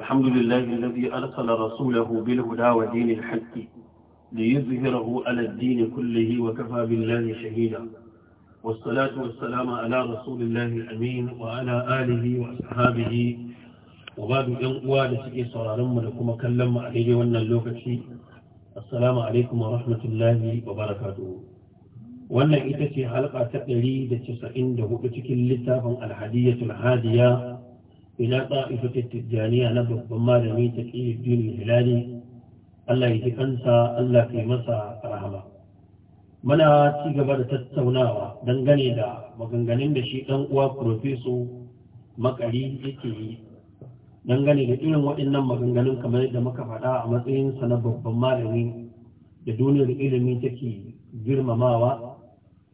الحمد لله الذي أرسل رسوله بالهدى ودين الحق ليظهره على الدين كله وكفى بالله شهيدا والصلاة والسلام على رسول الله الأمين وعلى آله وأصحابه وبعد ينقوى لسكي صرارم لكم أكلم عليه وأن اللوكة السلام عليكم ورحمة الله وبركاته وأن إتسي حلقة تقريد تسعين دهوكتك اللتافا الحدية الحادية ila ta'ifatul tattijaniya na babban malami ta dini hilali Allah ya ji kansa Allah kai masa rahama muna ci gaba da tattaunawa dangane da maganganun da shi ɗan uwa profeso makari yake yi dangane da irin waɗannan maganganun kamar yadda muka faɗa a matsayinsa na babban malami da duniyar ilimi take girmamawa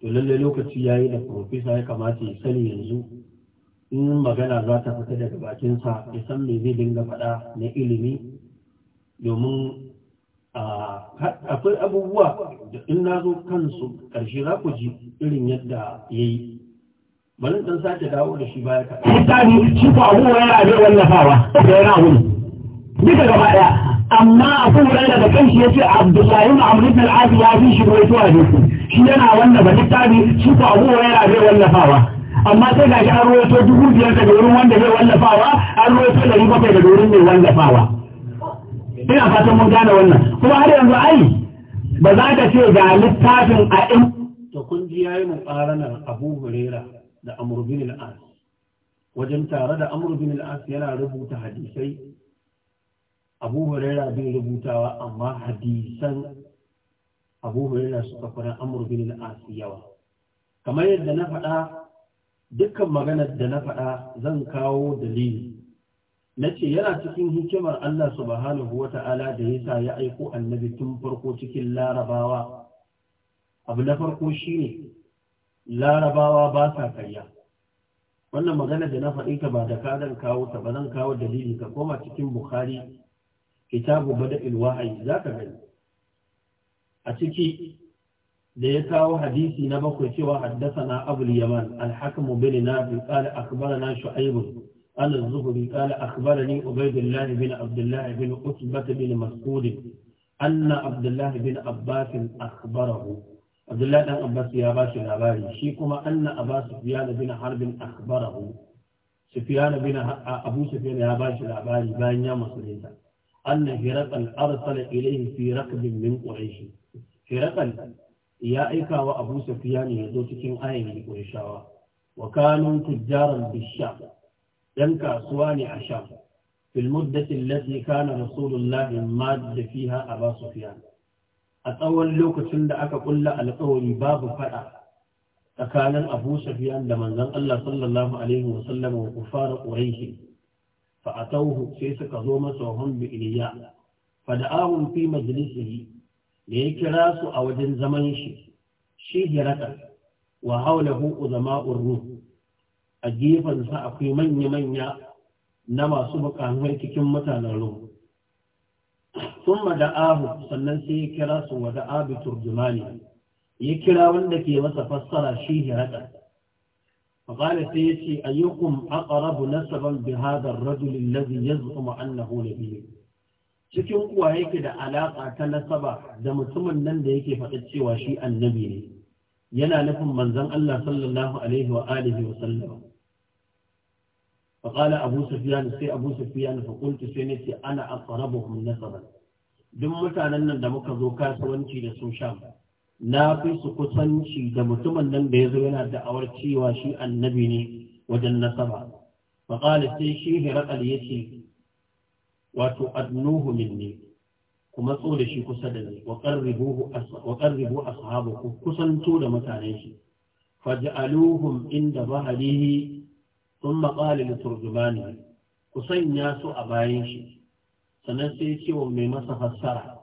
to lallai lokaci yayi da profesa ya kamata ya sani yanzu in magana za ta fita daga bakinsa ya san me zai dinga faɗa na ilimi domin akwai abubuwa da in na zo kansu ƙarshe za ku ji irin yadda ya yi bari ɗan sake dawo da shi baya kaɗan. Tsari shi ko abubuwa yana abin wallafawa da yana abu Ni Duka gaba ɗaya amma akwai wani kan shi ya ce Abdullahi Ma'amud ibn al-Abi ya fi shi ruwaito a shi yana wannan ba littafi shi ko abubuwa yana abin wallafawa. amma sai ga shi an ruwato dubu biyar daga wurin wanda zai wallafawa an ruwaito ɗari bakwai daga wurin mai wallafawa ina fatan mun gane wannan kuma har yanzu ai ba za ka ce ga littafin a in to kun ji yayi mun ƙaranar Abu Huraira da Amr bin al-As wajen tare da Amr bin al-As yana rubuta hadisai Abu Huraira bin rubutawa amma hadisan Abu Huraira suka fara Amr bin al-As yawa kamar yadda na faɗa dukkan maganar da na faɗa zan kawo dalili na ce yana cikin hikimar Allah subhanahu wa ta'ala da yasa ya aiko annabi tun farko cikin larabawa abu na farko shi ne. larabawa ba sa karya wannan magana da na faɗi ka ba da kadan kawo ta ba zan kawo dalili ka koma cikin bukhari kitabu ilwa'ai za ka gani a ciki da ya kawo hadisi na bakwai cewa haddasana abu yaman alhakamu bin nafi qala akhbarana shu'aib an az-zuhri qala akhbarani ubaydullah bin abdullah bin utbah bin mas'ud anna abdullah bin abbas akbarahu abdullah dan abbas ya ba shi labari shi kuma anna abbas sufyan bin harb akbarahu sufyan bin abu sufyan ya ba shi labari bayan ya musulunta anna hiraqal arsala ilayhi fi raqbin min quraish hiraqal ya aika wa abu ne ya zo cikin ayin qurayshawa wa kanu tujjaran bisham dan kasuwa ne a sham fil muddati na kana rasulullahi madda fiha abu safiyan a tsawon lokacin da aka kulla alƙawari babu fada tsakanin abu Safiya da manzon Allah sallallahu alaihi wa sallam wa kufar quraish fa atawhu sai suka zo masa hum bi iliya fa da'ahum fi majlisihi da ya kira su a wajen zaman shi shi hiraka wa haulahu uzama'ur ruh a gefensa akwai manya-manya na masu mukamai cikin mutanen ruhu sun da'ahu sannan sai ya kira su wa da'abi turjumani ya kira wanda ke masa fassara shi hiraka فقال سيتي أيكم أقرب نسبا بهذا الرجل الذي يزعم أنه نبي cikin kuwa yake da alaƙa ta nasaba da mutumin nan da yake faɗa cewa shi annabi ne yana nufin manzon Allah sallallahu alaihi wa alihi wa sallam فقال أبو سفيان سي أبو سفيان فقلت ana أنا أقربهم nasaba. duk mutanen nan da muka zo kasuwanci da su sham na fi su kusanci da mutumin nan da ya zo yana da'awar cewa shi annabi ne wajen nasaba faƙali sai shi hirakal ya ce wato adnuhu minni kuma matso da shi kusa da ni wa qarribu ku kusanto da mutane shi faj'aluhum inda bahalihi thumma qala li turjumani ku sanya su a bayan shi sannan sai ce wa mai masa fassara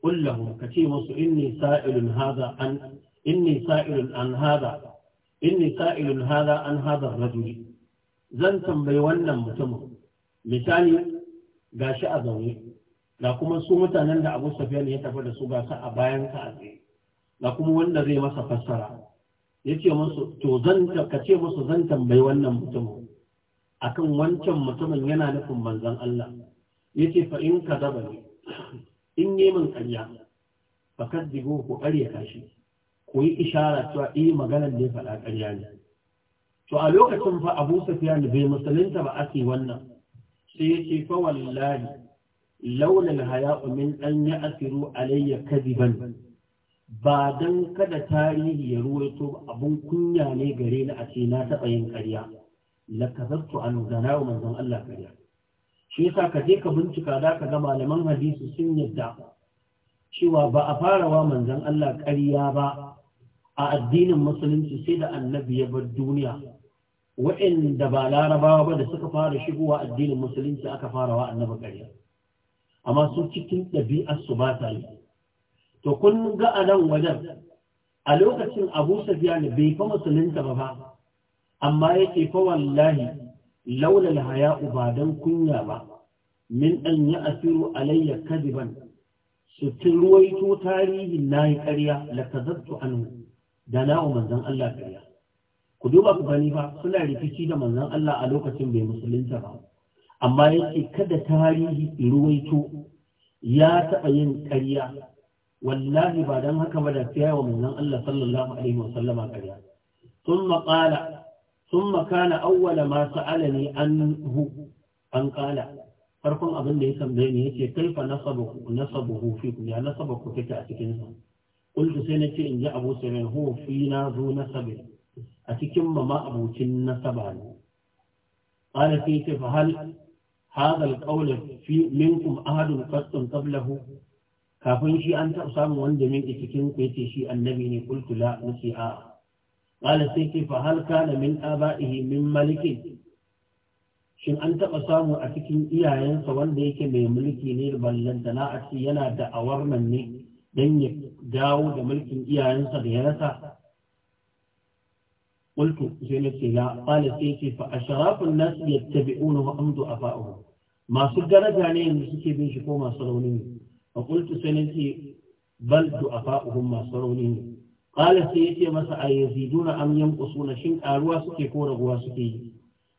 qul lahum kace musu inni sa'ilun hadha an inni sa'ilun an hadha inni sa'ilun hadha an hadha ar-rajul zan tambayi wannan mutumin misali Ga shi a zaune Ga kuma su mutanen da Abu Sufyan ya tafi da su ga sa a bayan ka a tsaye kuma wanda zai masa fassara ce musu to zan ka ce masu zan tambayi wannan mutumin akan wancan mutumin yana nufin manzon Allah Ya ce fa in ka zaba ne in yi min ƙarya fa kadibu ku ƙarya kashi ku yi ishara cewa eh maganar ne ya faɗa ƙarya ne to a lokacin fa Abu da bai musulunta ba ake wannan sai yake fa wallahi launin haya'u min an yi alayya kadiban ba dan kada tarihi ya ruwaito abun kunya ne gare ni a ce na taɓa yin ƙarya la kazartu an wa manzon Allah ƙarya shi yasa ka je ka bincika za ka ga malaman hadisi sun yadda cewa ba a fara wa manzon Allah ƙarya ba a addinin musulunci sai da annabi ya bar duniya waɗanda ba larabawa ba da suka fara shigowa addinin musulunci aka fara wa annabi ƙarya amma su cikin ɗabi'ar su ba ta yi to kun ga a nan wajen a lokacin abu safiyan bai fa musulunta ba ba amma yake fa wallahi laulal haya'u ba dan kunya ba min an ya asiru alayya kadiban su ruwaito tarihin na karya ƙarya la kazattu anhu da na'u manzon Allah ƙarya ku duba ku gani ba suna rikici da manzon Allah a lokacin bai musulunta ba amma yake kada tarihi ruwaito ya taɓa yin ƙarya wallahi ba don haka ba da fiya wa manzon Allah sallallahu alaihi wasallama ƙarya thumma qala thumma kana awwala ma sa'alani anhu an qala farkon abin da ya tambaye ni yace kaifa nasabuhu nasabuhu fikum ya nasabaku take a cikin sa qultu sai nace in ji Abu Sufyan huwa fina zu nasabin a cikin ma ma'abucin nasaba ne. Ƙara sai ce fa hal hadal ƙaula fi minkum ahadun kastun qablahu kafin shi an taɓa samun wanda min cikin ku yace shi annabi ne kultu la nace a ƙara sai ce fa hal kana min aba'ihi min malikin shin an taɓa samu a cikin iyayensa wanda yake mai mulki ne da ballanta na yana da awar ne don ya dawo da mulkin iyayensa da ya rasa qultu sai na ce la qala sai ce fa ashrafun nas yattabi'unahu am du'afa'uhu masu daraja ne yanzu suke bin shi ko masu rauni ne fa qultu sai na ce bal du'afa'uhum masu rauni ne qala sai yace masa ayaziduna am yanqusuna shin karuwa suke ko raguwa suke yi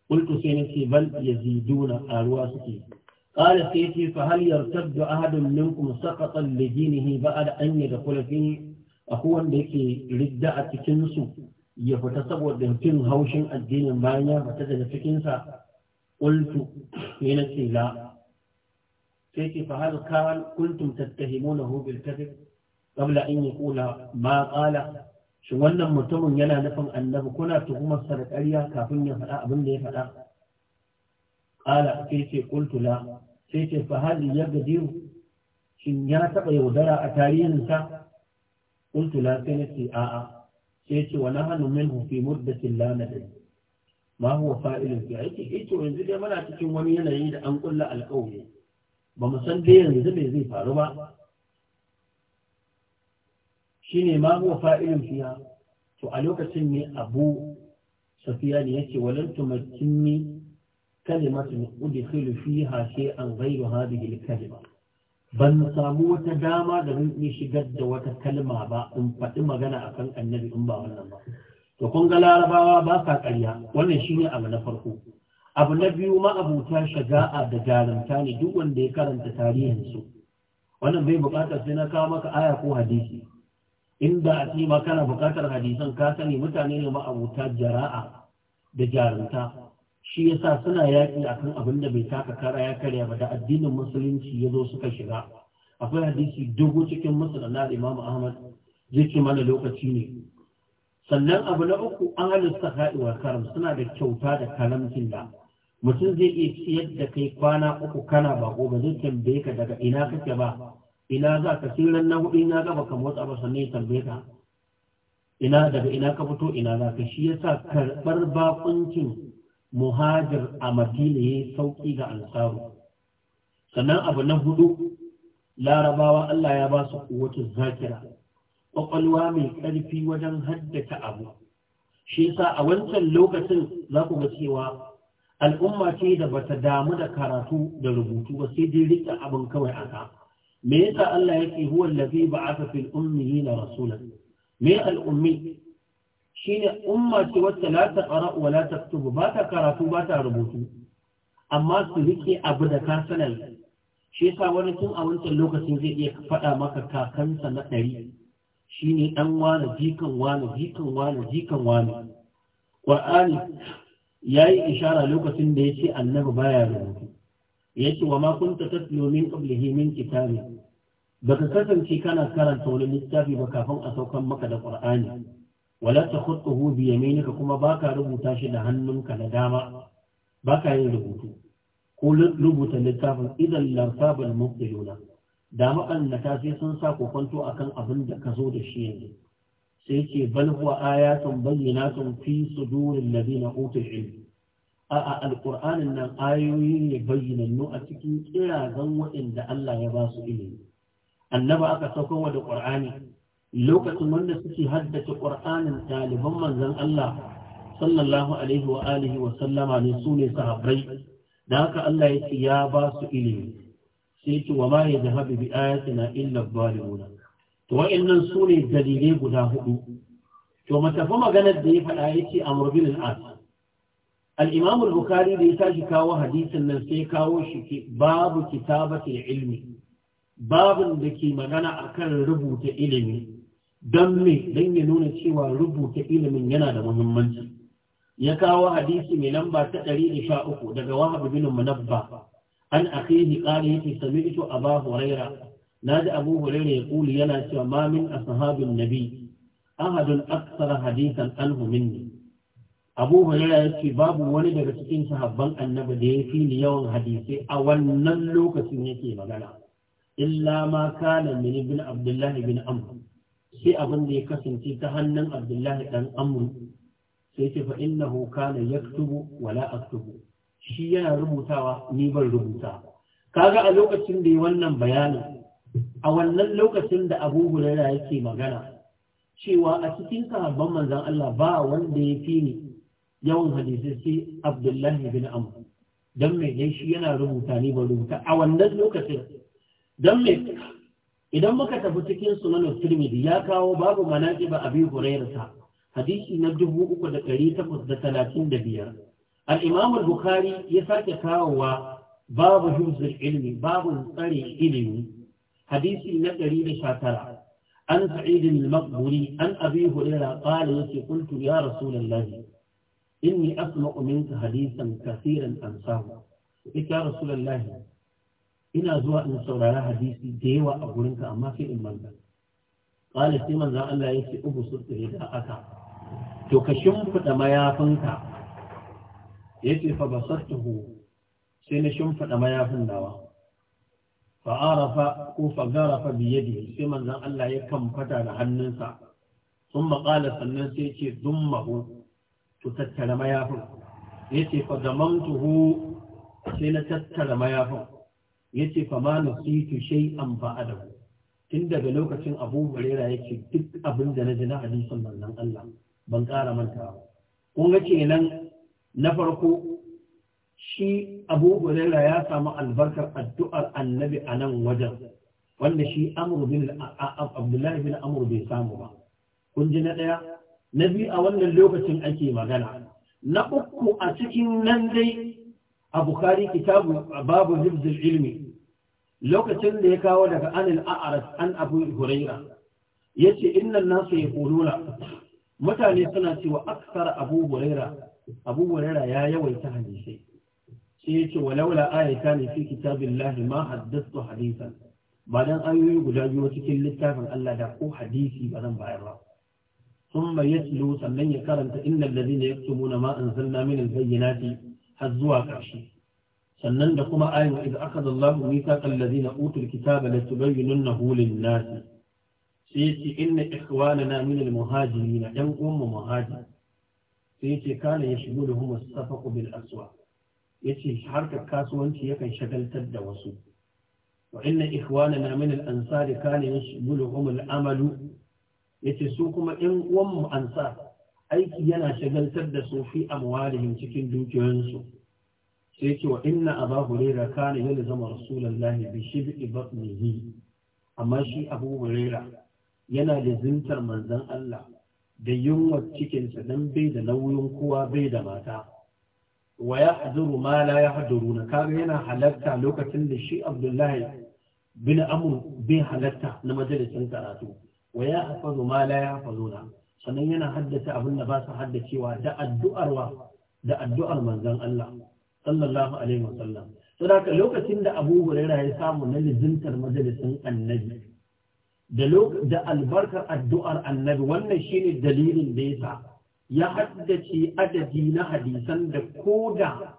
qultu sai na ce bal yaziduna karuwa suke yi قال سيتي فهل يرتد أحد منكم سقطا لدينه بعد أن يدخل فيه أخوان لك ردعة كنسو ya fita saboda fin haushin addinin bayan ya fita daga cikinsa ƙultu ne na ce sai fa hal kan kuntum tattahimuna hu bil kadhib qabla an yaqula ma qala shin wannan mutumin yana nufin annabi kuna tuhumar sa da ƙarya kafin ya faɗa abin da ya faɗa qala sai ce qultu la sai ce fa hal yagdiru shin ya taɓa yaudara a tarihinsa qultu la sai ce a'a Yace ce wa nahnu minhu fi muddatin la nadri ma huwa fa'ilun fi aiki yace yanzu dai muna cikin wani yanayi da an kulla alƙawari ba mu san dai yanzu me zai faru ba shine ma huwa fa'ilun fiha to a lokacin ne abu safiya ne yace walan tumakkinni kalimatu udkhilu fiha shay'an ghayru hadhihi al ban samu wata dama da zan iya shigar da wata kalma ba in faɗi magana a kan annabi in ba wannan ba to kun ga larabawa ba sa ƙarya wannan ne abu na farko abu na biyu ma'abuta shaga'a da jarumta ne duk wanda ya karanta tarihinsu wannan bai buƙatar sai na kawo maka aya ko hadisi inda a ma kana buƙatar hadisan ka sani mutane ne ma'abuta jara'a da jarumta shi yasa suna yaƙi akan abin da bai taka kara ya karya ba da addinin musulunci ya zo suka shiga akwai hadisi dogo cikin musul na imam ahmad zai ce mana lokaci ne sannan abu na uku an halitta haɗuwar karam suna da kyauta da karamcin da mutum zai iya ciyar da kai kwana uku kana bako ba zai tambaye ka daga ina kake ba ina za ka sai ran na hudu ina gaba ka motsa ba sannan ya tambaye ka ina daga ina ka fito ina za ka shi yasa karɓar bakuncin muhajir a madina ya sauƙi ga ansaru sannan abu na hudu larabawa Allah ya ba su kuwatun zakira ƙwaƙwalwa mai ƙarfi wajen haddata abu shi yasa a wancan lokacin za ku ga cewa al'umma ce da bata damu da karatu da rubutu ba sai dai rika abin kawai aka me yasa Allah yake huwa allazi ba'atha fil ummiyina rasulan me al'ummi shine umma ce wacce la ta qara ba ta karatu ba ta rubutu amma su rike abu da ka sanar shi yasa wani tun a wancan lokacin zai iya faɗa maka kakansa na ɗari shine ɗan wani jikan wani jikan wani jikan wani ƙwar'ani ya yi ishara lokacin da ya ce annabi baya rubutu ya ce wa makunta tatlo min ƙablihi min kitabi Baka kasance kana karanta wani littafi ba kafin a saukan maka da ƙwar'ani wala ta khutuhu bi yaminika kuma ka rubuta shi da hannunka na dama baka yin rubutu ko rubuta littafin idan larsabal yuna. da ma'annata sai sun sa a akan abin da ka zo da shi yanzu sai ce bal huwa ayatun bayyinatun fi sudurin ladina utul ilm a a alqur'anin nan ayoyi ne bayyanannu a cikin kirazan waɗanda Allah ya ba su ilimi annaba aka sauko wa da qur'ani lokacin wanda suke haddace ƙur'anin taliban manzon Allah sallallahu alaihi wa alihi wa sallama ne su ne sahabbai da haka Allah ya ce ya ba su ilimi sai ce wa ma ya zahabi bi ayatina illa zalimuna to wa'annan su ne dalilai guda hudu to matafi maganar da ya faɗa ya ce amr bin al-as al-imam al-bukhari da ya tashi kawo hadisin nan sai kawo shi babu kitabatul ilmi babin da ke magana akan rubuta ilimi don me don ya nuna cewa rubuta ilimin yana da muhimmanci ya kawo hadisi mai lamba ta 113 daga wahab bin munabba an akhihi qala yake sami'tu aba huraira naji abu huraira ya kuli yana cewa ma min ashabin nabi ahadun aktsara hadisan anhu minni abu huraira ce babu wani daga cikin sahabban annabi da ya fi yawan hadisi a wannan lokacin yake magana illa ma kana min ibn Abdullahi bin amr sai abin da ya kasance ta hannun abdullahi dan amru sai ce fa innahu kana yaktubu wala aktubu shi yana rubutawa ni ban rubuta kaga a lokacin da ya wannan bayanin a wannan lokacin da abu hurara yake magana cewa a cikin sahabban manzan Allah ba wanda ya fi ni yawan hadisai sai abdullahi bin Amru. dan me shi yana rubuta ni ban rubuta a wannan lokacin dan mai idan muka tafi cikin sunan tirmidhi ya kawo babu manaqiba abi hurairah hadisi na dubu da da talatin da biyar al-bukhari ya sake kawowa babu hibzul ilmi babu tsare ilimi hadisi na 119 an sa'id al-maqburi an abi hurairah qala yati qultu ya rasulullah inni asma'u minka hadisan kaseeran ansahu ya rasulullah ina zuwa in saurari hadisi da yawa a gurinka amma kai in manta qala sai manzon Allah yake ubu sirri da aka to ka shimfida mayafinka yace fa basartuhu sai na shimfida mayafin dawa fa arafa ko fa garafa bi yadihi sai manzon Allah ya kamfata da hannunsa thumma qala sannan sai yace dummahu to tattara mayafin yace fa damantuhu sai na tattara mayafin yace fa ma nasitu shay'an ba'adahu tun daga lokacin Abu Hurairah yace duk abin da na ji na hadisin manzon Allah ban ƙara ba. kun ga kenan na farko shi Abu Hurairah ya samu albarkar addu'ar Annabi a nan wajen wanda shi Amr bin Abdullah bin bai samu ba kun ji na ɗaya? na biyu a wannan lokacin ake magana na uku a cikin nan dai a bukari kitabu babu hibzul ilmi lokacin da ya kawo daga anil a'aras an abu huraira yace innan nasu yaquluna mutane suna cewa aksar abu huraira abu huraira ya yawaita hadisi sai yace walaula ayatan fi kitabillahi ma haddathu hadisan ba dan ayoyi guda biyu cikin littafin Allah da ko hadisi ba zan bayar ba ثم يتلو sannan ya karanta innal ladina yaktumuna ma anzalna min al-bayyinati har zuwa ƙarshe sannan da kuma ayin idza akhadha Allahu mithaqal ladina utul kitaba latubayyinunahu lin-nas sai yace inna ikhwanana min al-muhajirin ɗan ummu muhajir sai yace kana yashghuluhum as-safaqu bil aswa yace harkar kasuwanci yakan shagaltar da wasu wa inna ikhwanana min al-ansar kana yashghuluhum al-amalu yace su kuma ɗan uwan mu ansar aiki yana shagaltar da su fi amwalihim cikin dukiyoyinsu sai ce wa inna aba huraira kana yalzama rasulullahi bi shib'i batnihi amma shi abu huraira yana da zintar manzon Allah da yunwa cikinsa dan bai da nauyin kowa bai da mata wa yahduru ma la yahduruna kaga yana halarta lokacin da shi Abdullahi bin Amr bai halarta na majalisin karatu wa yahfazu ma la yahfazuna sannan yana haddasa abin da ba su haddacewa da addu'arwa da addu'ar manzon Allah sallallahu alaihi wasallam saboda lokacin da Abu Hurairah ya samu na lizintar majalisin Annabi da albarkar addu'ar annabi wannan shi ne dalilin da ya sa ya haddace adadi na hadisan da ko da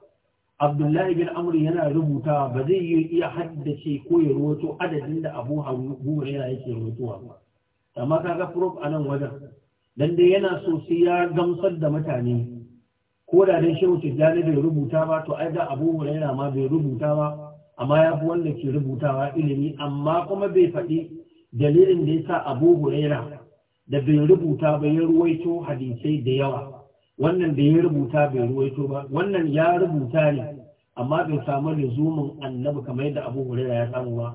abdullahi bin amur yana rubuta ba zai yi iya haddace ko ya roto adadin da abu hurera yake rotowa ba amma kaga prof a nan wajen dan dai yana so sai ya gamsar da mutane ko da dan shehu tijjani bai rubuta ba to ai da abu huraira ma bai rubuta ba amma ya fi wanda ke rubutawa ilimi amma kuma bai faɗi dalilin da yasa abu huraira da bai rubuta ba ya ruwaito hadisai da yawa wannan da ya rubuta bai ruwaito ba wannan ya rubuta ne amma bai samu lizumin annabi kamar yadda abu huraira ya samu ba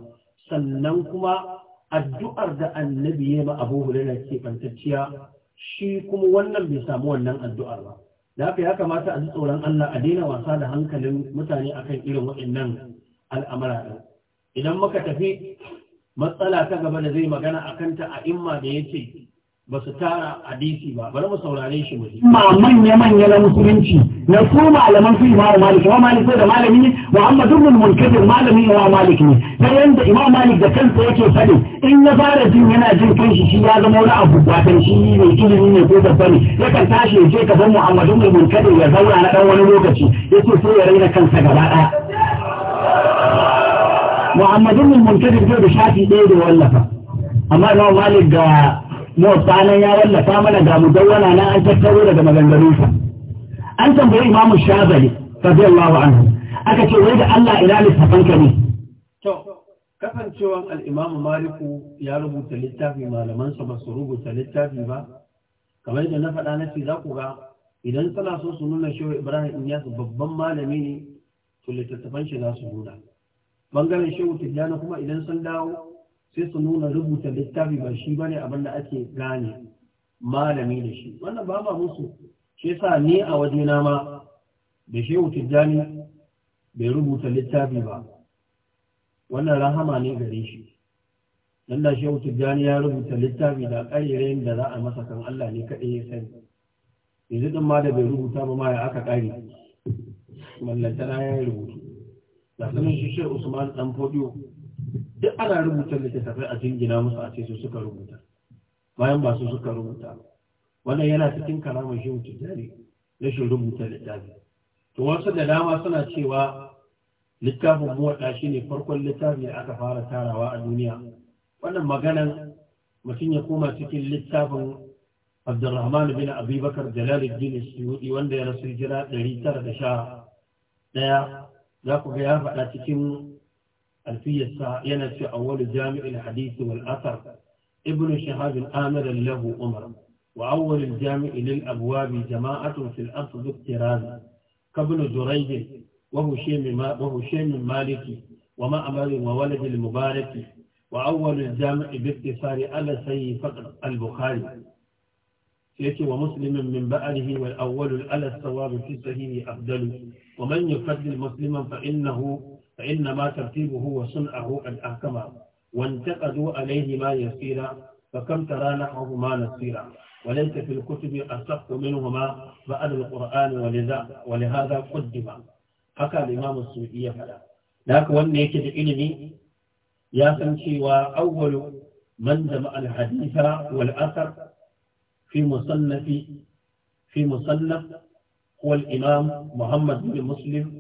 sannan kuma addu'ar da annabi ya ma abu huraira ke kantacciya shi kuma wannan bai samu wannan addu'ar ba da haka ya kamata a ji tsoron Allah a daina wasa da hankalin mutane akan irin waɗannan al'amara ɗin idan muka tafi matsala ta gaba da zai magana a kanta a imma da ya ce ba su tara hadisi ba bari mu saurare shi mutum ma manya manya na musulunci na su malaman su imam malik imam malik da malami ne muhammad ibn munkadir malami imam malik ne dan yanda imam malik da kansa yake fadi in ya fara jin yana jin kanshi shi ya zama wani abu watan shi ne ilimi ne ko babba ne yakan tashi ya je gaban muhammad ibn munkadir ya zauna na dan wani lokaci ya ce sai ya raina kansa gaba daya muhammad ibn munkadir da shafi ɗaya da wallafa amma imam malik ga Mu nan ya wallafa mana ga mudawwana na an tattaro daga maganganunsa an tambayi imamu shazali radiyallahu anhu aka ce wai da Allah ina littafan ka ne to kasancewan al-imam maliku ya rubuta littafi malaman sa ba su rubuta littafi ba kamar da na faɗa na ce za ku ga idan suna so su nuna shehu ibrahim in yasu babban malami ne to littattafan shi za su nuna bangaren shehu tijjani kuma idan sun dawo sai su nuna rubuta littafi ba shi bane abin da ake gane malami da shi wannan ba ma musu shi yasa ni a na ma da shehu Jami bai rubuta littafi ba wannan rahama ne gare shi dan da shehu ya rubuta littafi da ƙarirayin da za a masa kan Allah ne kaɗai ya sani yanzu ɗin ma da bai rubuta ba ma ya aka ƙari mallantana ya rubutu da sanin shi usman dan fodiyo duk ana rubuta littattafai a jingina musu a ce su suka rubuta bayan ba su suka rubuta wannan yana cikin karamar shi mutane rashin rubuta littafi to wasu da dama suna cewa littafin muwaɗa shi ne farkon littafi da aka fara tarawa a duniya wannan maganan mutum ya koma cikin littafin abdurrahman bin abubakar jalaluddin suyudi wanda ya rasu jira 911 za ku ga ya faɗa cikin ألفية ينسى أول جامع الحديث والأثر ابن شهاب آمر له أمر وأول الجامع للأبواب جماعة في الأرض اقتران كابن جريج وهو شيم مالكي ومأمر وولد المبارك وأول الجامع باختصار على سي فقر البخاري يأتي ومسلم من بأله والأول على الثواب في صحيح أفضل ومن يفضل مسلما فإنه فإنما ترتيبه وصنعه قد أحكمه وانتقدوا عليه ما يسيرا فكم ترى نحوه ما نسيرا وليس في الكتب أصح منهما بعد القرآن ولذا ولهذا قدم حكى الإمام السعودية فلا لكن وانا يكد علمي يا سمشي وأول من جمع الحديث والأثر في مصنف في مصنف هو الإمام محمد بن مسلم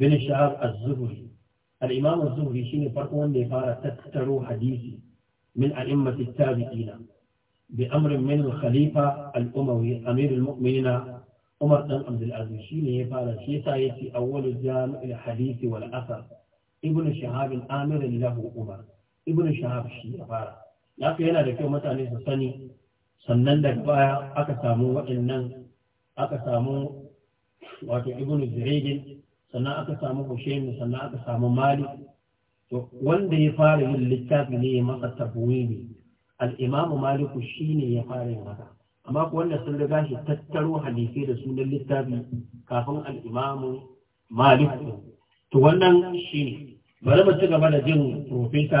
bin shahab az-zuhri al-imam az-zuhri shine farko wanda ya fara tattaro hadisi min a'immat at-tabi'in bi amrin min al-khalifa al-umawi amir al-mu'minin umar dan abd al-aziz shine ya fara shi yasa yace awwalu jami' al-hadisi wal athar ibn shahab al-amir lahu umar ibn shahab shi ya fara haka yana da kyau mutane su sani sannan daga baya aka samu waɗannan aka samu wato ibn jirgin sannan aka samu Hushaimu sannan aka samu Malik to wanda ya fara yin littafi ne ya masa tabwini al-Imam Malik shine ya fara yin haka amma ko wanda sun riga shi tattaro hadisi da sunan littafi kafin al-Imam to wannan shine bari mu ci gaba da jin profesa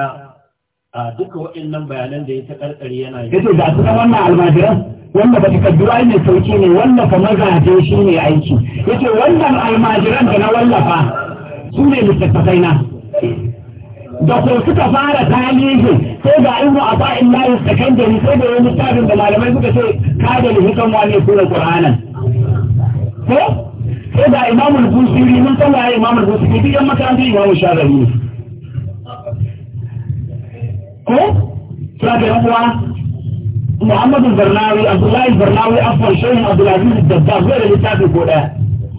a duka waɗannan bayanan da ya ta karkare yana yi. Yace da su wannan almajiran wanda ba takaddura ne sauki ne wallafa mazaje shi ne aiki yace wannan almajiran da na wallafa su ne littattafai na da ko suka fara talibi sai ga ibnu aba illahi sakandari sai da wani tabin da malamai suka ce kada ne hukan wani sura qur'anan ko sai da imamu al-busiri mun san waye imamu al-busiri duk yan makarantar imamu shafi'i ko sai ga uwa محمد البرناوي عبد الله البرناوي أفضل شيء عبد العزيز الدباغ غير اللي تابع كودا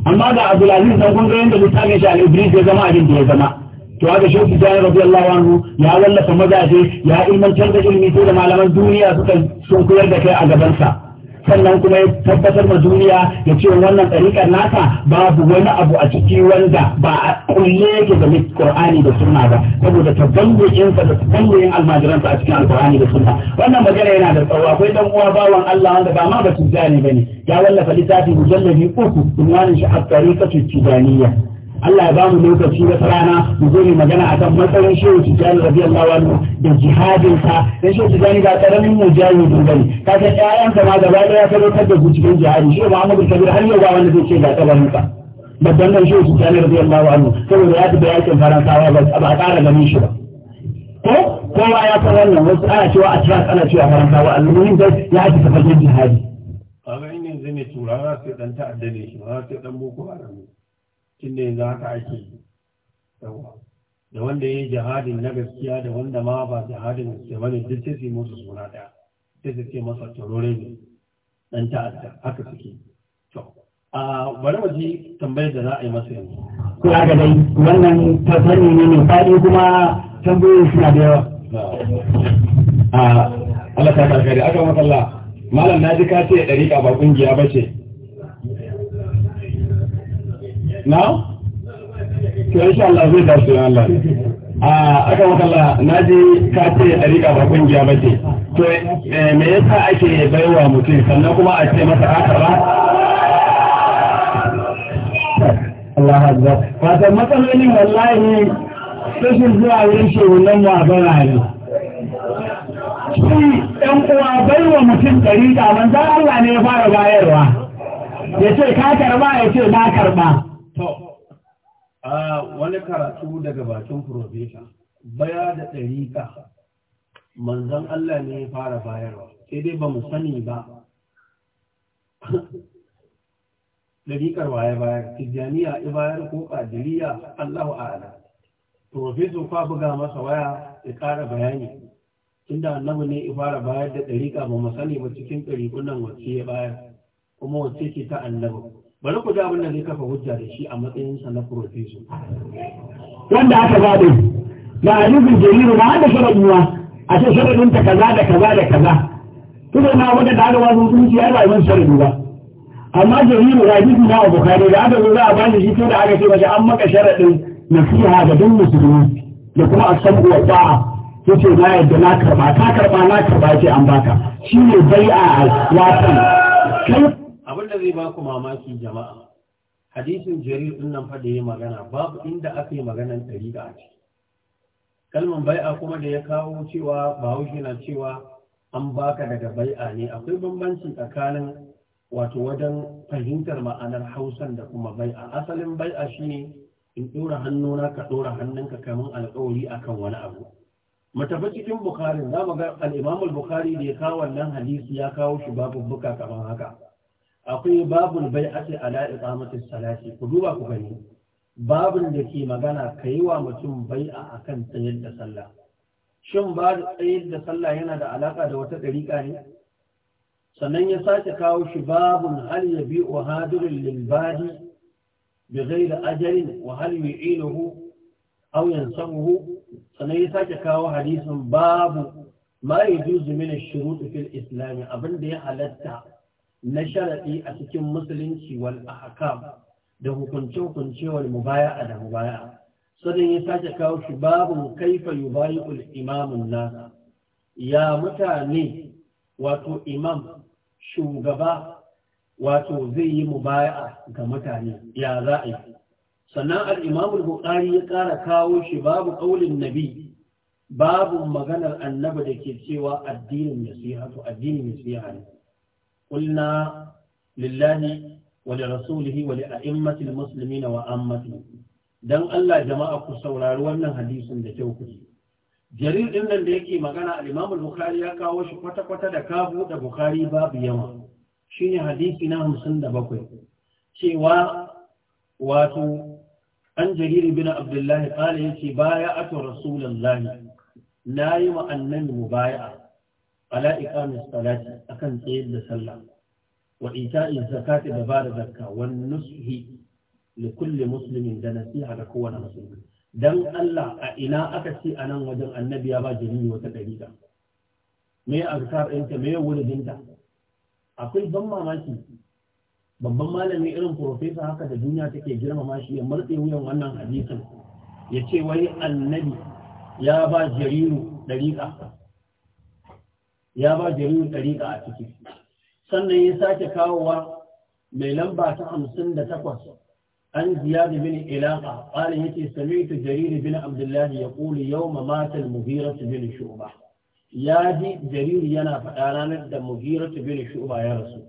أما هذا عبد العزيز لو كنت عند اللي تابع شعر إبريد يا جماعة جنت يا جماعة to haka shi tijani radiyallahu anhu ya wallafa mazaje ya ilmantar da ilmi sai da malaman duniya suka sun koyar da kai a gabansa sannan kuma ya tabbatar ma duniya ya ce wannan ɗariƙar nasa babu wani abu a ciki wanda ba a kulle yake da Qur'ani da Sunna ba saboda tabbangin sa da almajiransa a cikin qurani da Sunna wannan magana yana da tsawo akwai dan uwa bawan Allah wanda ba ma ba tijani bane ya wallafa littafi mujalladi uku unwanin shi at-tariqatu tijaniyya Allah ya ba mu lokaci da rana mu zo mu magana akan matsayin shehu Tijjani radiyallahu anhu da jihadin sa dan shehu Tijjani ga karamin mujahidin bane kaga ƴaƴan sa ma gaba ɗaya ka lokar da cikin jihadi shehu Muhammadu Kabir har yau ba wanda zai ce ga kabarin sa babban nan shehu Tijjani radiyallahu anhu saboda ya tafi yakin Faransawa ba a ƙara ganin shi ba ko kowa ya san wannan wasu ana cewa a Atlas ana cewa Faransawa al-muhim dai ya tafi fagen jihadi kaga in yanzu ne turawa sai dan ta'addane shi ba sai dan boko haram tun da yanzu haka ake yawa da wanda ya yi jihadin na gaskiya da wanda ma ba jihadin gaskiya ba ne duk sai su yi musu suna ɗaya sai su ce masa turore ne dan ta'adda haka suke to a bari mu ji tambayar da za a yi masa yanzu ko ga dai wannan sani ne mai faɗi kuma tambayoyin suna da yawa a Allah ta karkare aka masalla malam na ji ka ce ɗariƙa ba ƙungiya ba ce na? to insha Allah zai tashi in Allah a aka makalla na ji ka ce ɗariƙa ba kungiya ba ce to eh, me yasa ake baiwa mutum sannan kuma a ce masa haka ba Allah Akbar fatan matsalolin wallahi rashin zuwa wurin shehunan mu a bara ne shi ɗan uwa baiwa mutum ɗari ɗariƙa manzan Allah ne ya fara bayarwa ya ce ka karɓa ya ce na karɓa to wani karatu daga bakin profesa baya da ɗariƙa manzan Allah ne ya fara bayarwa sai dai ba mu sani ba ɗariƙar waye bayar tijjaniya i bayar ko ƙadiriya Allahu a'ala profesa kwa buga masa waya ya ƙara bayani inda annabi ne ya fara bayar da ɗariƙa ba mu sani ba cikin ɗariƙunan wacce ya bayar kuma wacce ce ta annabi bari ku ji abin da zai kafa hujja da shi a matsayinsa na profeso wanda aka zaɓe ba a nufin jeriru ba da sharaɗuwa a ce ta kaza da kaza da kaza kuma na wanda da adawa sun sun ciyar ba mun sharaɗu ba amma jeriru ga jiki na kare da aka zuwa za a ba shi ko da aka ce mace an maka sharaɗin nasiha ga duk musulmi da kuma a san uwa ta'a ya ce na yadda na karba, ta karɓa na karɓa ce an baka shi ne bai'a watan abin da zai ba ku mamaki jama'a hadisin jarir din nan fa da magana babu inda aka yi maganan ɗari a ciki kalman bai'a kuma da ya kawo cewa bahaushe na cewa an baka daga bai'a ne akwai bambanci tsakanin wato wajen fahimtar ma'anar hausan da kuma bai'a asalin bai'a shi ne in ɗora hannuna ka ɗora hannunka kamar alƙawari akan wani abu mu tafi cikin bukharin za mu ga al-imam bukhari da ya kawo wannan hadisi ya kawo shi babu buka kamar haka akwai babul bai'ati ala iqamati salati ku duba ku gani babun da ke magana kai wa mutum bai'a akan tsayar da sallah shin ba da tsayar da sallah yana da alaka da wata dariƙa ne sannan ya sake kawo shi babun hal yabi'u da lilbadi بغير أجل وهل Sannan ya sake kawo كاو babu. باب ما يجوز من الشروط في abin da ya halatta. na sharaɗi a cikin musulunci wal ahkam da hukunce-hukunce wal mubaya'a da mubaya'a sadan ya sake kawo shi babu kaifa yubayi'ul imamun nasa ya mutane wato imam shugaba wato zai yi mubaya'a ga mutane ya za a yi sannan al'imamul bukhari ya ƙara kawo shi babu ƙaulin nabi babu maganar annabi da ke cewa addinin nasiha to addinin nasiha ne Kulna, lillahi wa li rasulihi wa li a'immatil muslimina wa ammati dan Allah jama'a ku saurari wannan hadisin da kyau ku jarir din nan da yake magana al-Imam ya kawo shi kwata kwata da ka buɗe Bukhari babu yawa shine hadisi na hamsin da bakwai. cewa wato an jarir bin Abdullah qala yace baya'atu rasulullahi nayi wa annabi mubaya'a ala iqamis salati akan tsayar da sallah wa ita'i zakati da bada zakka wan nushi li kulli muslimin da nasiha ga kowane musulmi dan Allah a ina aka ce a nan wajen annabi ya ba jini wata dariƙa me azkar ɗinta me dinta akwai ban mamaki babban malami irin profesa haka da duniya take girmama shi ya martse wuyan wannan hadisin ya ce wani annabi ya ba jariru dariƙa ya ba jaririn ɗariƙa a ciki sannan ya sake kawowa mai lamba ta hamsin da takwas an da bin ilaqa yake yace sami'tu jariri bin ya yaqulu yawma mata al-mughira bin shu'ba ya ji jariri yana faɗa ranar da mughira bin shu'ba ya rasu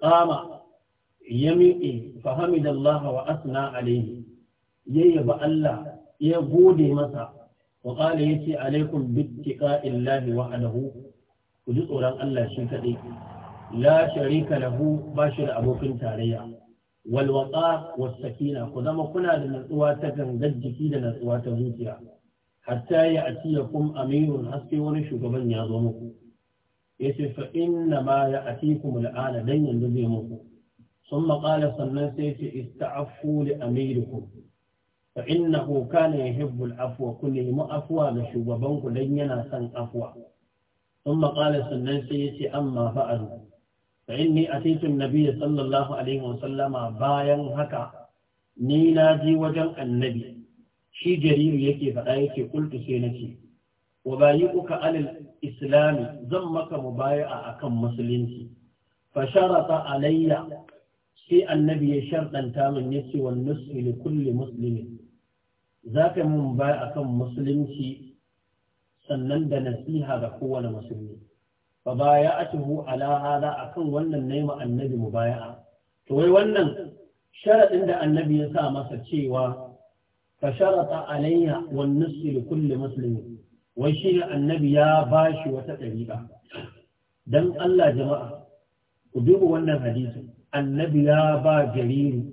Ƙama ya miƙe fa hamidallah wa asna alayhi yayyaba Allah ya gode masa wa qala yace alaikum bi illahi, wahdahu ku ji tsoron Allah shi kaɗai la sharika lahu ba shi da abokin tarayya walwaƙa waqa sakina ku zama kuna da natsuwa ta gangar jiki da natsuwa ta zuciya hatta ya kum amirun haske wani shugaban ya zo muku yace fa inna ma ya atikum al'ana dan yanzu zai muku ثم قال صلى الله استعفوا لأميركم فإنه كان يحب العفو ga shugabanku dan yana son afuwa. ثم قال سنن سيتي أما فعلوا فإني أتيت النبي صلى الله عليه وسلم بايا هكا نينا جي وجن النبي شي جرير يكي فأيكي قلت سينتي وبايئك على الإسلام زمك مبايع أكم مسلمتي فشرط علي في النبي شرطا تام النسي والنسي لكل مسلم ذاك مبايع أكم مسلمتي sannan da nasiha ga kowane musulmi fa baya'atuhu ala hada akan wannan naima annabi mubaya'a to wai wannan sharadin da annabi ya sa masa cewa fa sharata alayya wan nisfi li kulli muslimin wai shi annabi ya bashi wata dariƙa dan Allah jama'a ku duba wannan hadisi annabi ya ba jariri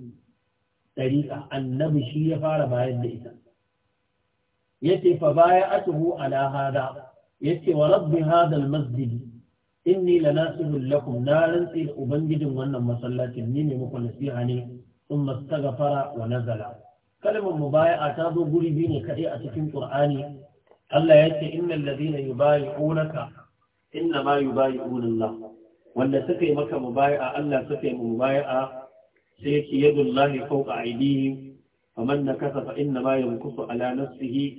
dariƙa annabi shi ya fara bayar da ita yace fa bayatuhu ala hada yace wa rabbi hada almasjid inni lanasihul lakum rantse da ubangijin wannan masallacin ni ne muku nasiha ne thumma astaghfara wa nazala kalmar mubaya'a ta zo guri biyu ne kadai a cikin qur'ani Allah yace innal ladina yubayi'unaka inna ma yubayi'una Allah wanda suka yi maka mubaya'a Allah suka yi mubaya'a sai yake yadullahi fawqa aydihim فمن نكث فإنما ينكث على نفسه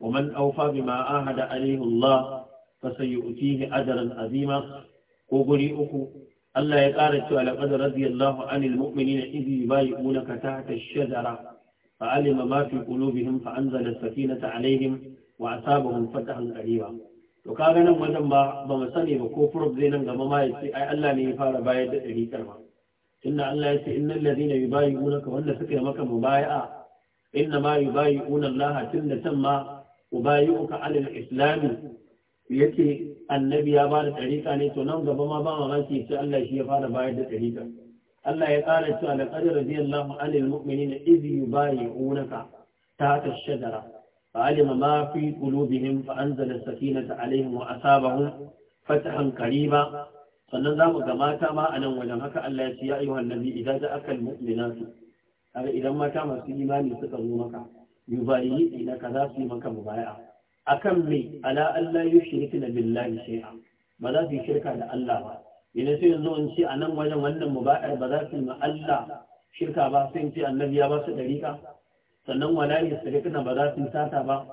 ومن أوفى بما عاهد عليه الله فسيؤتيه أجرا عظيما وبريئه الله يقارك على قد رضي الله عن المؤمنين إذ يبايعونك تحت الشجرة فعلم ما في قلوبهم فأنزل السكينة عليهم وأصابهم فتحا قريبا to kaga nan wajen ba ba mu sani ba ko furof zai nan gaba ma ya ce ai Allah ne ya fara bayar da ɗari karma inna Allah ya ce innal ladina yubayyi'unaka wanda suka maka mubaya'a inna ma yubayyi'una Allah tunda can ma ubayyi'uka alal islam yace annabi ya bada tariqa ne to nan gaba ma ba mamaki ce Allah shi ya fara bayar da tariqa Allah ya kara cewa laqad radiyallahu anil mu'minina iz yubayyi'unaka tahta ash-shajara فعلم ما في قلوبهم فأنزل السكينة عليهم وأصابهم فتحا قريبا sannan za mu ga mata ma a nan wajen haka Allah ya ce ya ayyuhan nabi idan da akal mu'minatu kaga idan mata masu imani suka zo maka yubayyi ina ka za su yi maka mubaya'a akan me ala Allah yushrikna billahi shay'a ba za su yi shirka da Allah ba idan sai yanzu in ce a nan wajen wannan mubayar ba za su yi Allah shirka ba sai in ce annabi ya ba su dariƙa sannan wala yusrikna ba za su yi sata ba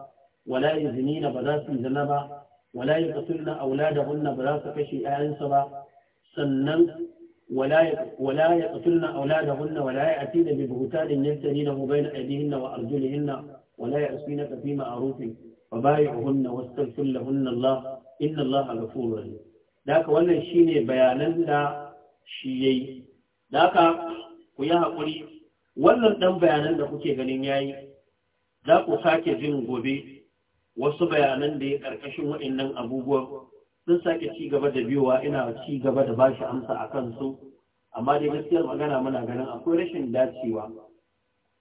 wala zinina ba za su yi zina ba wala yaqtulna auladahunna ba za su kashe 'ya'yansu ba sannan ولا يقتلن wa ولا يأتين ببهتان يفترينه na أيديهن وأرجلهن ولا يعصينك في معروف وبايعهن واستغفر لهن Inna إن الله غفور رحيم ذاك wannan ne bayanan da shi yayi ذاك ku yi haƙuri. wannan dan bayanan da kuke ganin yayi za ku sake jin gobe wasu bayanan da ya ƙarƙashin waɗannan abubuwan sun sake ci gaba da biyowa ina ci gaba da ba shi amsa a kansu amma dai gaskiyar magana muna ganin akwai rashin dacewa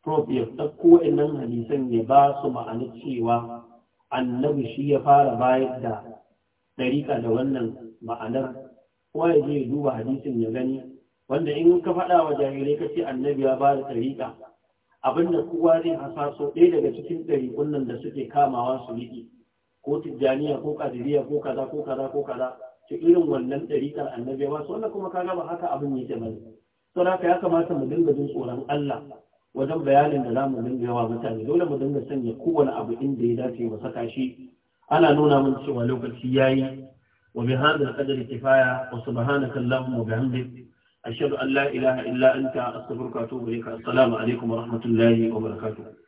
prof ya ɗauko wa'annan hadisan ya ba su ma'ana cewa annabi shi ya fara bayar da ɗariƙa da wannan ma'anar kuma ya je duba hadisin ya gani wanda in ka faɗa wa jahilai ka ce annabi ya ba da ɗariƙa abinda kowa zai hasaso ɗaya daga cikin ɗarikun nan da suke kamawa su riƙe ko tijjaniya ko kadiriya ko kaza ko kaza ko kaza to irin wannan dariƙar annabi ba su wannan kuma ka gaba haka abin yake ba to haka ya kamata mu dinga jin tsoron Allah wajen bayanin da za mu dinga yawa mutane dole mu dinga sanya kowane abu inda ya dace mu saka shi ana nuna mun cewa lokaci yayi wa bi hadha kifaya wa subhanaka allahumma wa bihamdik ashhadu an la ilaha illa anta astaghfiruka wa atubu ilaik assalamu alaikum wa rahmatullahi wa barakatuh